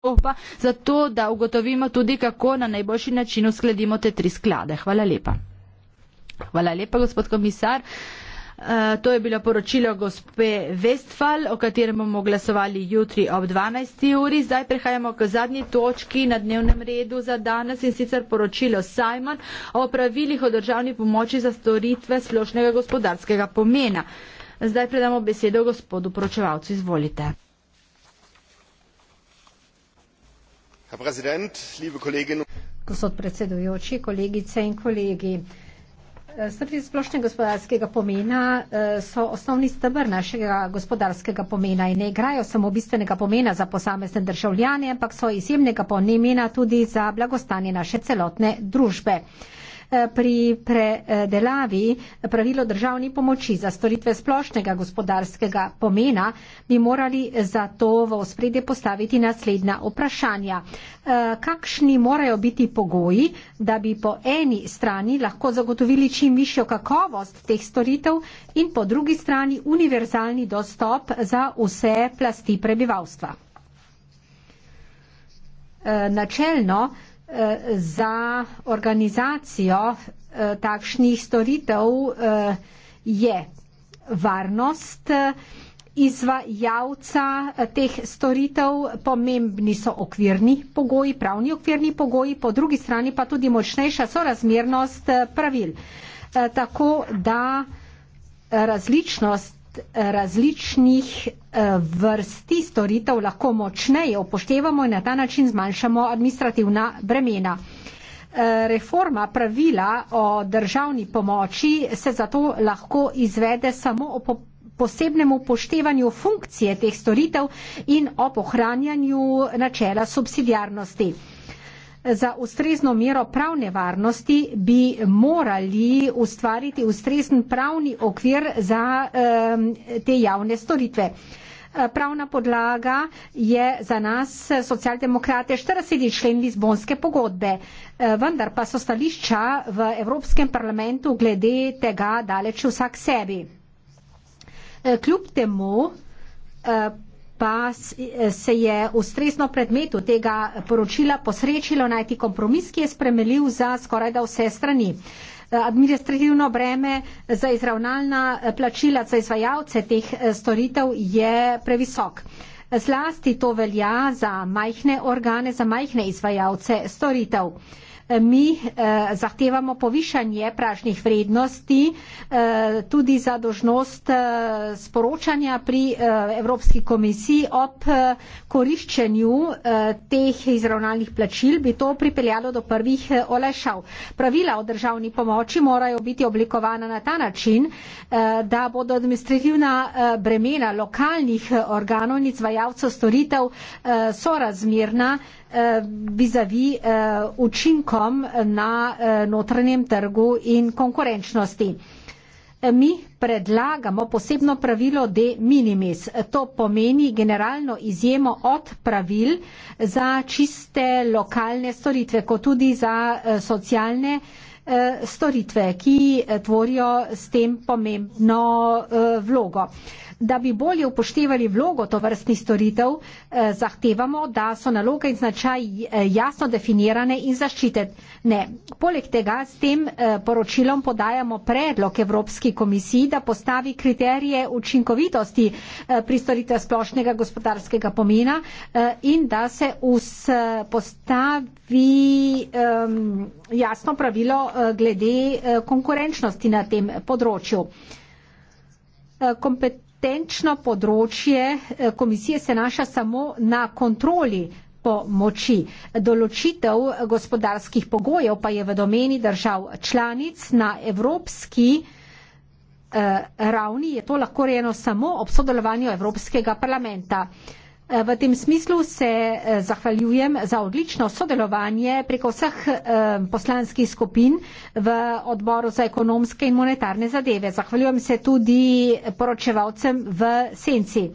skupa, zato da ugotovimo tudi, kako na najboljši način uskladimo te tri sklade. Hvala lepa. Hvala lepa, gospod komisar. Uh, to je bilo poročilo gospe Westfall, o katerem bomo glasovali jutri ob 12. uri. Zdaj prehajamo k zadnji točki na dnevnem redu za danes in sicer poročilo Simon o pravilih o državni pomoči za storitve splošnega gospodarskega pomena. Zdaj predamo besedo gospodu poročevalcu. Izvolite. Herr Präsident, liebe Kolleginnen und Gospod predsedujoči, kolegice in kolegi. Stebri splošnega gospodarskega pomena eh, so osnovni stebr našega gospodarskega pomena in ne igrajo samo bistvenega pomena za posamezne državljane, ampak so izjemnega pomena tudi za blagostanje naše celotne družbe. Eh, pri predelavi pravilo državni pomoči za storitve splošnega gospodarskega pomena, bi morali zato v ospredje postaviti naslednja vprašanja. Eh, kakšni morajo biti pogoji, da bi po eni strani lahko zagotovili čim višjo kakovost teh storitev in po drugi strani univerzalni dostop za vse plasti prebivalstva? Eh, načelno za organizacijo eh, takšnih storitev eh, je varnost izvajalca eh, teh storitev, pomembni so okvirni pogoji, pravni okvirni pogoji, po drugi strani pa tudi močnejša sorazmernost pravil. Tako da različnost Eh, različnih eh, vrsti storitev lahko močneje upoštevamo in na ta način zmanjšamo administrativna bremena. Eh, reforma pravila o državni pomoči se zato lahko izvede samo o posebnem upoštevanju funkcije teh storitev in o pohranjanju načela subsidijarnosti za ustrezno mero pravne varnosti bi morali ustvariti ustrezen pravni okvir za te javne storitve. E, pravna podlaga je za nas, socialdemokrate, 40 člen Lizbonske pogodbe, e, vendar pa so stališča v Evropskem parlamentu glede tega daleč vsak sebi. E, kljub temu pa se je ustrezno predmetu tega poročila posrečilo najti kompromis, ki je spremeljiv za skoraj da vse strani. Administrativno breme za izravnalna plačila za izvajalce teh storitev je previsok. Zlasti to velja za majhne organe, za majhne izvajalce storitev mi eh, zahtevamo povišanje pražnih vrednosti eh, tudi za dožnost eh, sporočanja pri eh, Evropski komisiji ob eh, koriščenju eh, teh izravnalnih plačil, bi to pripeljalo do prvih eh, olajšav. Pravila o državni pomoči morajo biti oblikovana na ta način, eh, da bodo administrativna eh, bremena lokalnih eh, organov in izvajalcev storitev eh, sorazmerna eh, vizavi eh, učinkov trgom na eh, notranjem trgu in konkurenčnosti. Mi predlagamo posebno pravilo de minimis. To pomeni generalno izjemo od pravil za čiste lokalne storitve, kot tudi za eh, socialne eh, storitve, ki tvorijo s tem pomembno vlogo. Da bi bolje upoštevali vlogo to vrstnih storitev, eh, zahtevamo, da so naloge in značaj eh, jasno definirane in zaščitene. Poleg tega s tem eh, poročilom podajamo predlog Evropski komisiji, da postavi kriterije učinkovitosti pristoritev splošnega gospodarskega pomena in da se vzpostavi ehm, jasno pravilo glede konkurenčnosti na tem področju. Kompet tenčno področje eh, komisije se naša samo na kontroli pomoči. Določitev gospodarskih pogojev pa je v domeni držav članic na evropski eh, ravni. Je to lahko rejeno samo ob sodelovanju Evropskega parlamenta. V tem smislu se eh, zahvaljujem za odlično sodelovanje preko vseh eh, poslanskih skupin v odboru za ekonomske in monetarne zadeve. Zahvaljujem se tudi poročevalcem v senci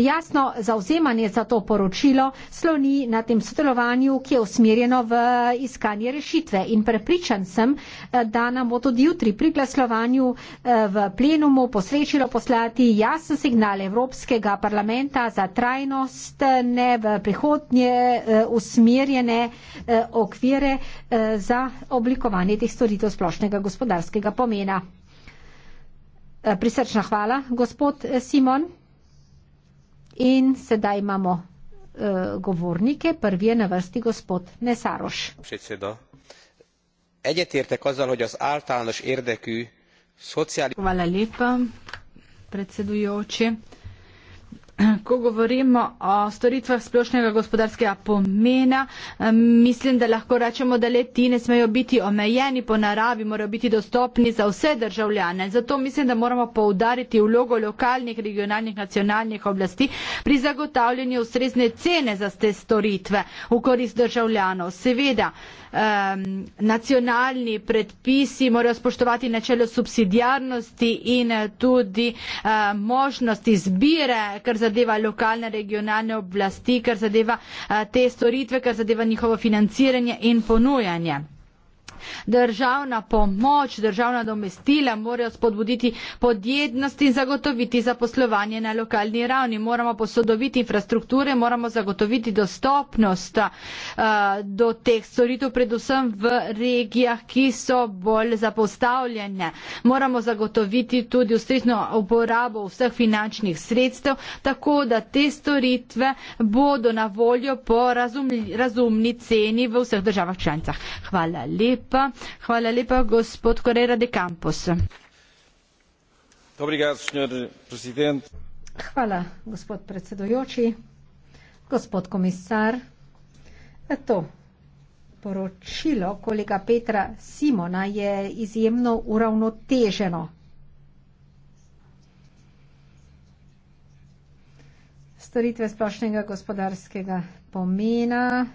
jasno zauzemanje za to poročilo sloni na tem sodelovanju, ki je usmerjeno v iskanje rešitve. In prepričan sem, eh, da nam bo tudi jutri pri glasovanju eh, v plenumu posrečilo poslati jasen signal Evropskega parlamenta za trajnost eh, ne v prihodnje usmerjene okvire za oblikovanje teh storitev splošnega gospodarskega pomena. Prisrčna hvala, gospod Simon. In sedaj imamo e, govornike. Prvi je na vrsti gospod Nesaroš. Hvala lepa, predsedujoči. Ko govorimo o storitvah splošnega gospodarskega pomena, mislim, da lahko rečemo, da leti ne smejo biti omejeni po naravi, morajo biti dostopni za vse državljane. Zato mislim, da moramo poudariti vlogo lokalnih, regionalnih, nacionalnih oblasti pri zagotavljanju ustrezne cene za te storitve v korist državljanov. Seveda, um, nacionalni predpisi morajo spoštovati načelo subsidijarnosti in tudi uh, možnosti zbire, ker za zadeva lokalne, regionalne oblasti, kar zadeva eh, te storitve, kar zadeva njihovo financiranje in ponujanje. Državna pomoč, državna domestila morajo spodbuditi podjednost in zagotoviti zaposlovanje na lokalni ravni. Moramo posodoviti infrastrukture, moramo zagotoviti dostopnost eh, do teh storitev, predvsem v regijah, ki so bolj zapostavljene. Moramo zagotoviti tudi ustrezno uporabo vseh finančnih sredstev, tako da te storitve bodo na voljo po razumni ceni v vseh državah članicah. Hvala lepa lepa. Hvala lepa, gospod Correra de Campos. Hvala, gospod predsedojoči, gospod komisar. Eto, poročilo kolega Petra Simona je izjemno uravnoteženo. Storitve splošnega gospodarskega pomena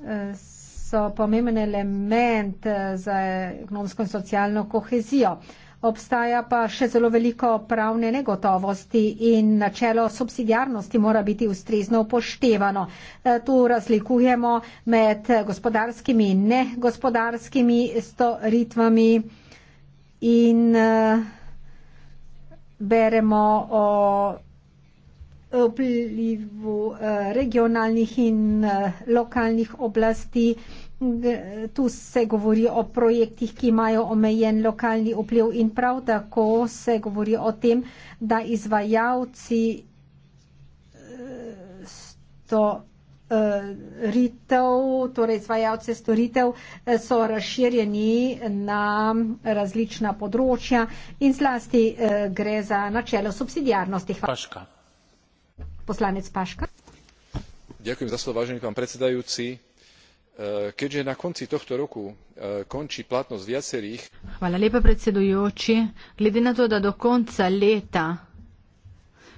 eh, so pomemben element eh, za ekonomsko in socialno kohezijo. Obstaja pa še zelo veliko pravne negotovosti in načelo subsidijarnosti mora biti ustrezno upoštevano. Eh, tu razlikujemo med gospodarskimi in negospodarskimi storitvami in eh, beremo o vplivu eh, regionalnih in eh, lokalnih oblasti. Tu se govori o projektih, ki imajo omejen lokalni vpliv in prav tako se govori o tem, da izvajalci eh, to ritev, torej izvajalce storitev so razširjeni na različna področja in zlasti gre za načelo subsidijarnosti. Hvala. E, keďže na konci tohto roku e, končí platnosť viacerých glede na to, da do konca leta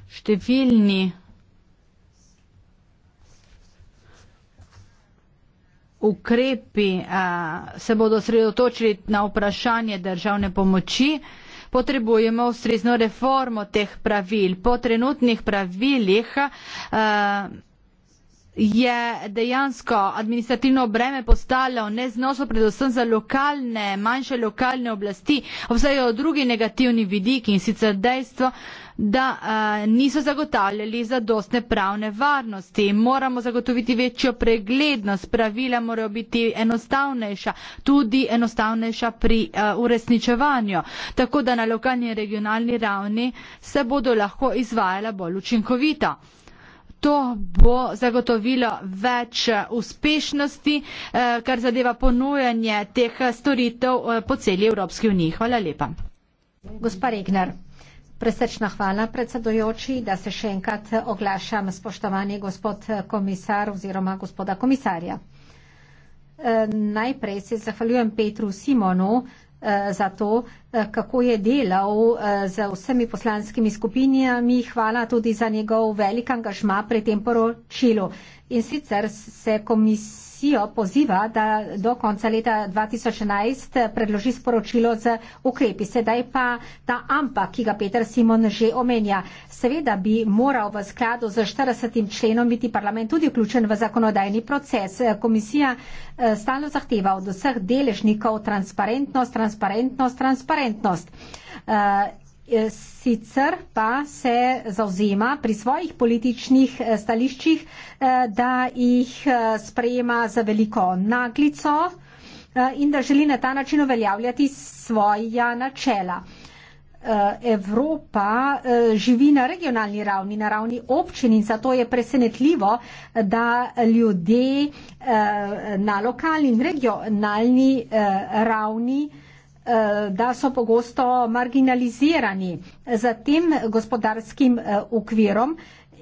številni ukrepi se bodo osredotočili na vprašanje državne pomoči, potrebujemo ustrezno reformo teh pravil. Po trenutnih pravilih eh, je dejansko administrativno breme postalo neznosno predvsem za lokalne, manjše lokalne oblasti. Obstajajo drugi negativni vidiki in sicer dejstvo, da a, niso zagotavljali zadostne pravne varnosti. Moramo zagotoviti večjo preglednost, pravila morajo biti enostavnejša, tudi enostavnejša pri a, uresničevanju, tako da na lokalni in regionalni ravni se bodo lahko izvajala bolj učinkovito. To bo zagotovilo več uspešnosti, kar zadeva ponujanje teh storitev po celi Evropski uniji. Hvala lepa. Gospa Regner. Presečna hvala, predsedojoči, da se še enkrat oglašam, spoštovani gospod komisar oziroma gospoda komisarja. E, najprej se zahvaljujem Petru Simonu e, za to, e, kako je delal z vsemi poslanskimi skupinjami. Hvala tudi za njegov velik angažma pri tem poročilu. In sicer se komisija komisijo poziva, da do konca leta 2011 predloži sporočilo z ukrepi. Sedaj pa ta ampak, ki ga Peter Simon že omenja. Seveda bi moral v skladu z 40. členom biti parlament tudi vključen v zakonodajni proces. Komisija eh, stalno zahteva od vseh deležnikov transparentnost, transparentnost, transparentnost. Eh, Eh, sicer pa se zauzema pri svojih političnih eh, stališčih, eh, da jih sprejema za veliko naglico in da želi na ta način uveljavljati svoja načela. Evropa živi na regionalni ravni, na ravni občin in zato je presenetljivo, da ljudje na lokalni in regionalni ravni Eh, da so pogosto marginalizirani za tem gospodarskim ukvirom eh,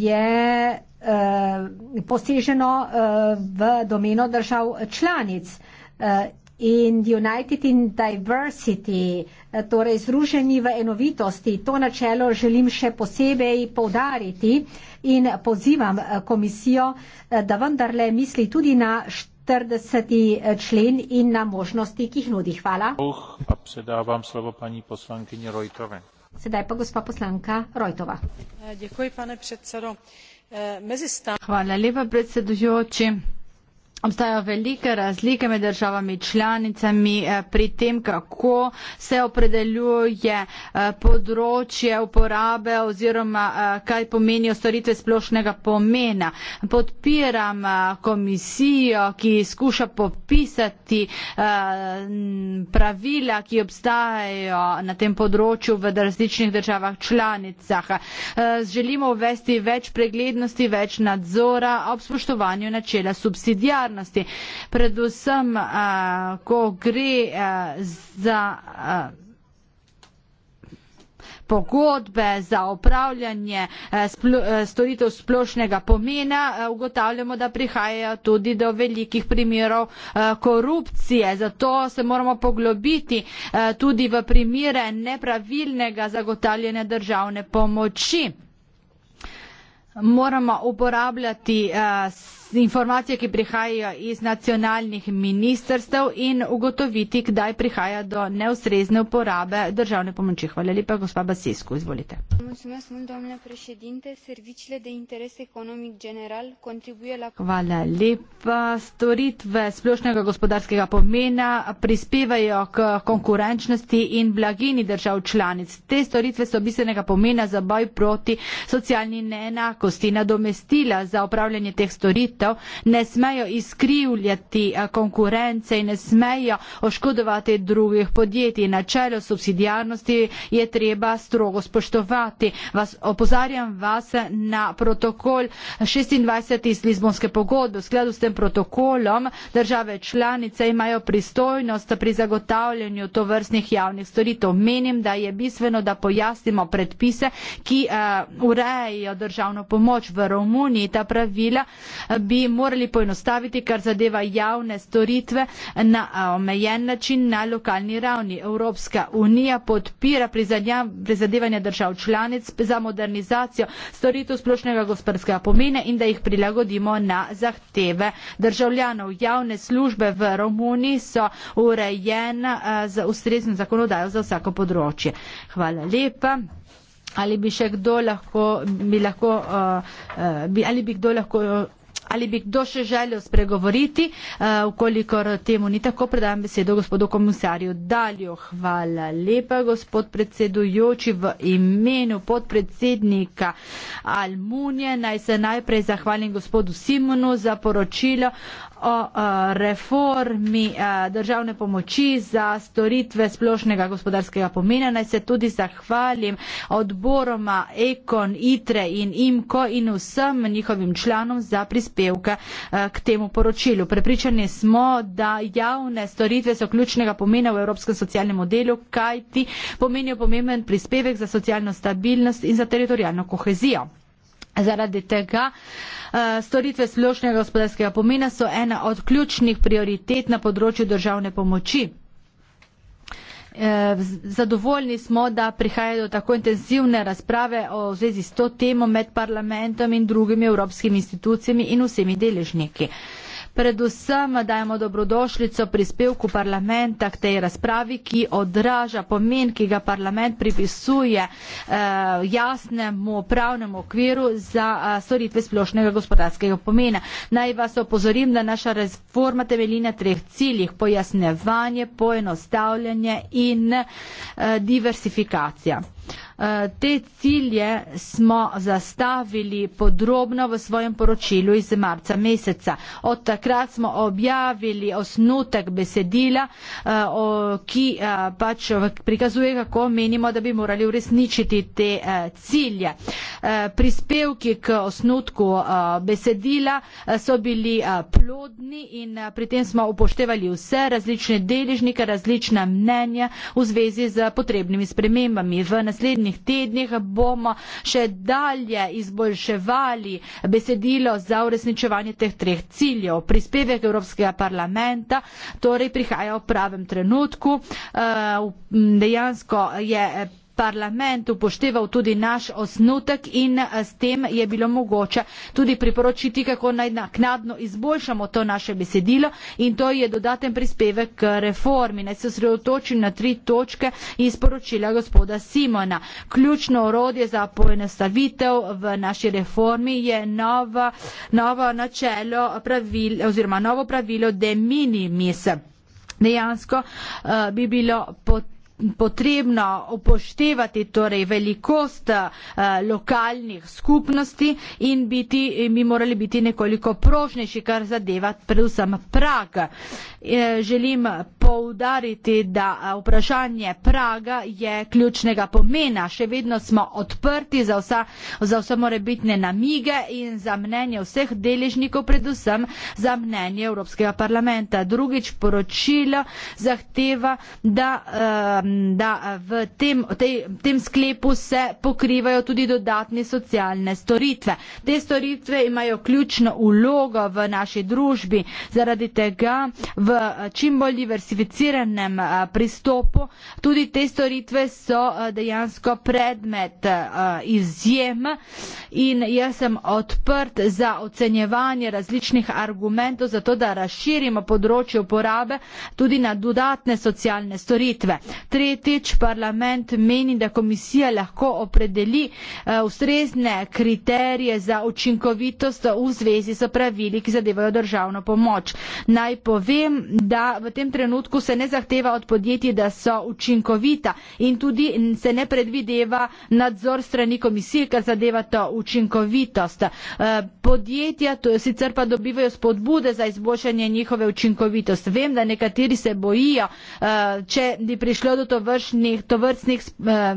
je eh, poseženo v domeno držav članic. In United in Diversity, torej združeni v enovitosti, to načelo želim še posebej poudariti in pozivam komisijo, da vendarle misli tudi na 40. Eh, člen in na možnosti, ki jih nudi. Hvala. Oh, predavam slovo pani poslankinji Rojtove. Sedaj pa gospa poslanka Rojtova. Eh, eh, Hvala lepa predsedujoči. Obstajajo velike razlike med državami članicami eh, pri tem, kako se opredeljuje eh, področje uporabe oziroma eh, kaj pomenijo storitve splošnega pomena. Podpiram komisijo, ki skuša popisati pravila, ki obstajajo na tem področju v različnih državah članicah. Želimo uvesti več preglednosti, več nadzora ob spoštovanju načela subsidijar solidarnosti, predvsem, uh, ko gre uh, za uh, pogodbe, za upravljanje uh, splo, uh, storitev splošnega pomena, uh, ugotavljamo, da prihajajo tudi do velikih primerov uh, korupcije. Zato se moramo poglobiti uh, tudi v primere nepravilnega zagotavljanja državne pomoči. Moramo uporabljati uh, informacije, ki prihajajo iz nacionalnih ministrstev in ugotoviti, kdaj prihaja do neustrezne uporabe državne pomoči. Hvala lepa, gospa Basesku, izvolite. Hvala lepa. Storitve splošnega gospodarskega pomena prispevajo k konkurenčnosti in blaginji držav članic. Te storitve so bistvenega pomena za boj proti socialni neenakosti, nadomestila za upravljanje teh storitev rešitev, ne smejo izkrivljati eh, konkurence in ne smejo oškodovati drugih podjetij. Načelo subsidijarnosti je treba strogo spoštovati. Vas, opozarjam vas na protokol 26. iz Lizbonske pogodbe. V skladu s tem protokolom države članice imajo pristojnost pri zagotavljanju tovrstnih javnih storitev. Menim, da je bistveno, da pojasnimo predpise, ki uh, urejajo državno pomoč v Romuniji. Ta pravila eh, bi morali poenostaviti, kar zadeva javne storitve na omejen način na lokalni ravni. Evropska unija podpira prizadevanja držav članic za modernizacijo storitev splošnega gospodarskega pomena in da jih prilagodimo na zahteve državljanov. Javne službe v Romuniji so urejene z ustrezno zakonodajo za vsako področje. Hvala lepa. Ali bi še kdo lahko, bi lahko, uh, uh, bi, ali bi kdo lahko uh, ali bi kdo še želel spregovoriti, ukolikor eh, temu ni tako, predajam besedo gospodu komisarju Daljo. Hvala lepa, gospod predsedujoči, v imenu podpredsednika Almunije naj se najprej zahvalim gospodu Simonu za poročilo o uh, reformi uh, državne pomoči za storitve splošnega gospodarskega pomena. Naj se tudi zahvalim odboroma Ekon, ITRE in IMKO in vsem njihovim članom za prispevke uh, k temu poročilu. Prepričani smo, da javne storitve so ključnega pomena v evropskem socialnem modelu, kajti pomenijo pomemben prispevek za socialno stabilnost in za teritorijalno kohezijo. Zaradi tega eh, storitve splošnega gospodarskega pomena so ena od ključnih prioritet na področju državne pomoči. Eh, zadovoljni smo, da prihaja do tako intenzivne razprave o zvezi s to temo med parlamentom in drugimi evropskimi institucijami in vsemi deležniki. Predvsem dajemo dobrodošljico prispevku parlamenta k tej razpravi, ki odraža pomen, ki ga parlament pripisuje eh, jasnemu pravnemu okviru za eh, storitve splošnega gospodarskega pomena. Naj vas opozorim, da naša reforma temelji na treh ciljih - pojasnevanje, poenostavljanje in eh, diversifikacija. Te cilje smo zastavili podrobno v svojem poročilu iz marca meseca. Od takrat smo objavili osnutek besedila, eh, ki eh, pač prikazuje, kako menimo, da bi morali uresničiti te eh, cilje. Prispevki k osnutku besedila so bili plodni in pri tem smo upoštevali vse različne deležnike, različna mnenja v zvezi z potrebnimi spremembami naslednjih tednih bomo še dalje izboljševali besedilo za uresničevanje teh treh ciljev. Prispevek Evropskega parlamenta torej prihaja v pravem trenutku. Eh, dejansko je parlament upošteval tudi naš osnutek in eh, s tem je bilo mogoče tudi priporočiti, kako naj naknadno izboljšamo to naše besedilo in to je dodaten prispevek k reformi. Naj se osredotočim na tri točke iz poročila gospoda Simona. Ključno orodje za poenostavitev v naši reformi je novo, novo načelo pravil, oziroma novo pravilo de minimis. Dejansko uh, bi bilo potrebno potrebno upoštevati torej velikost eh, lokalnih skupnosti in biti, bi morali biti nekoliko prožnejši, kar zadeva predvsem prag. Eh, želim poudariti, da eh, vprašanje praga je ključnega pomena. Še vedno smo odprti za, vsa, za vse morebitne namige in za mnenje vseh deležnikov, predvsem za mnenje Evropskega parlamenta. Drugič poročilo zahteva, da um, da v tem, tej, tem sklepu se pokrivajo tudi dodatne socialne storitve. Te storitve imajo ključno ulogo v naši družbi, zaradi tega v čim bolj diversificiranem pristopu tudi te storitve so dejansko predmet izjem in jaz sem odprt za ocenjevanje različnih argumentov za to, da razširimo področje uporabe tudi na dodatne socialne storitve tretjič parlament meni, da komisija lahko opredeli eh, ustrezne kriterije za učinkovitost v zvezi s pravili, ki zadevajo državno pomoč. Naj povem, da v tem trenutku se ne zahteva od podjetij, da so učinkovita in tudi se ne predvideva nadzor strani komisije, kar zadeva to učinkovitost. Eh, podjetja to sicer pa dobivajo spodbude za izboljšanje njihove učinkovitosti. Vem, da nekateri se bojijo, eh, če bi prišlo do to vrstnih, to vrstnih eh,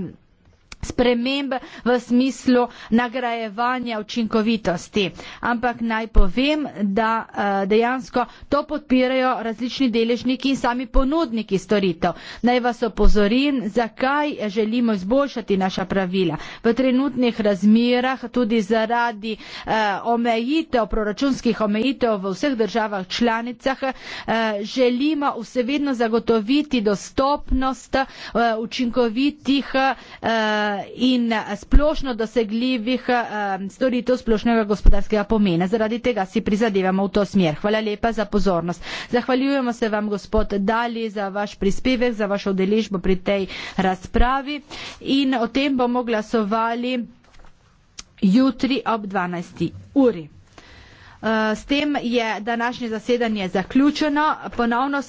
sprememb v smislu nagrajevanja učinkovitosti. Ampak naj povem, da eh, dejansko to podpirajo različni deležniki in sami ponudniki storitev. Naj vas opozorim, zakaj želimo izboljšati naša pravila. V trenutnih razmerah, tudi zaradi eh, omejitev, proračunskih omejitev v vseh državah članicah, eh, želimo vse vedno zagotoviti dostopnost učinkovitih in eh, splošno dosegljivih eh, storitev splošnega gospodarskega pomena. Zaradi tega si prizadevamo v to smer. Hvala lepa za pozornost. Zahvaljujemo se vam, gospod Dali, za vaš prispevek, za vašo udeležbo pri tej razpravi in o tem bomo glasovali jutri ob 12. uri. Eh, s tem je današnje zasedanje zaključeno. Ponovno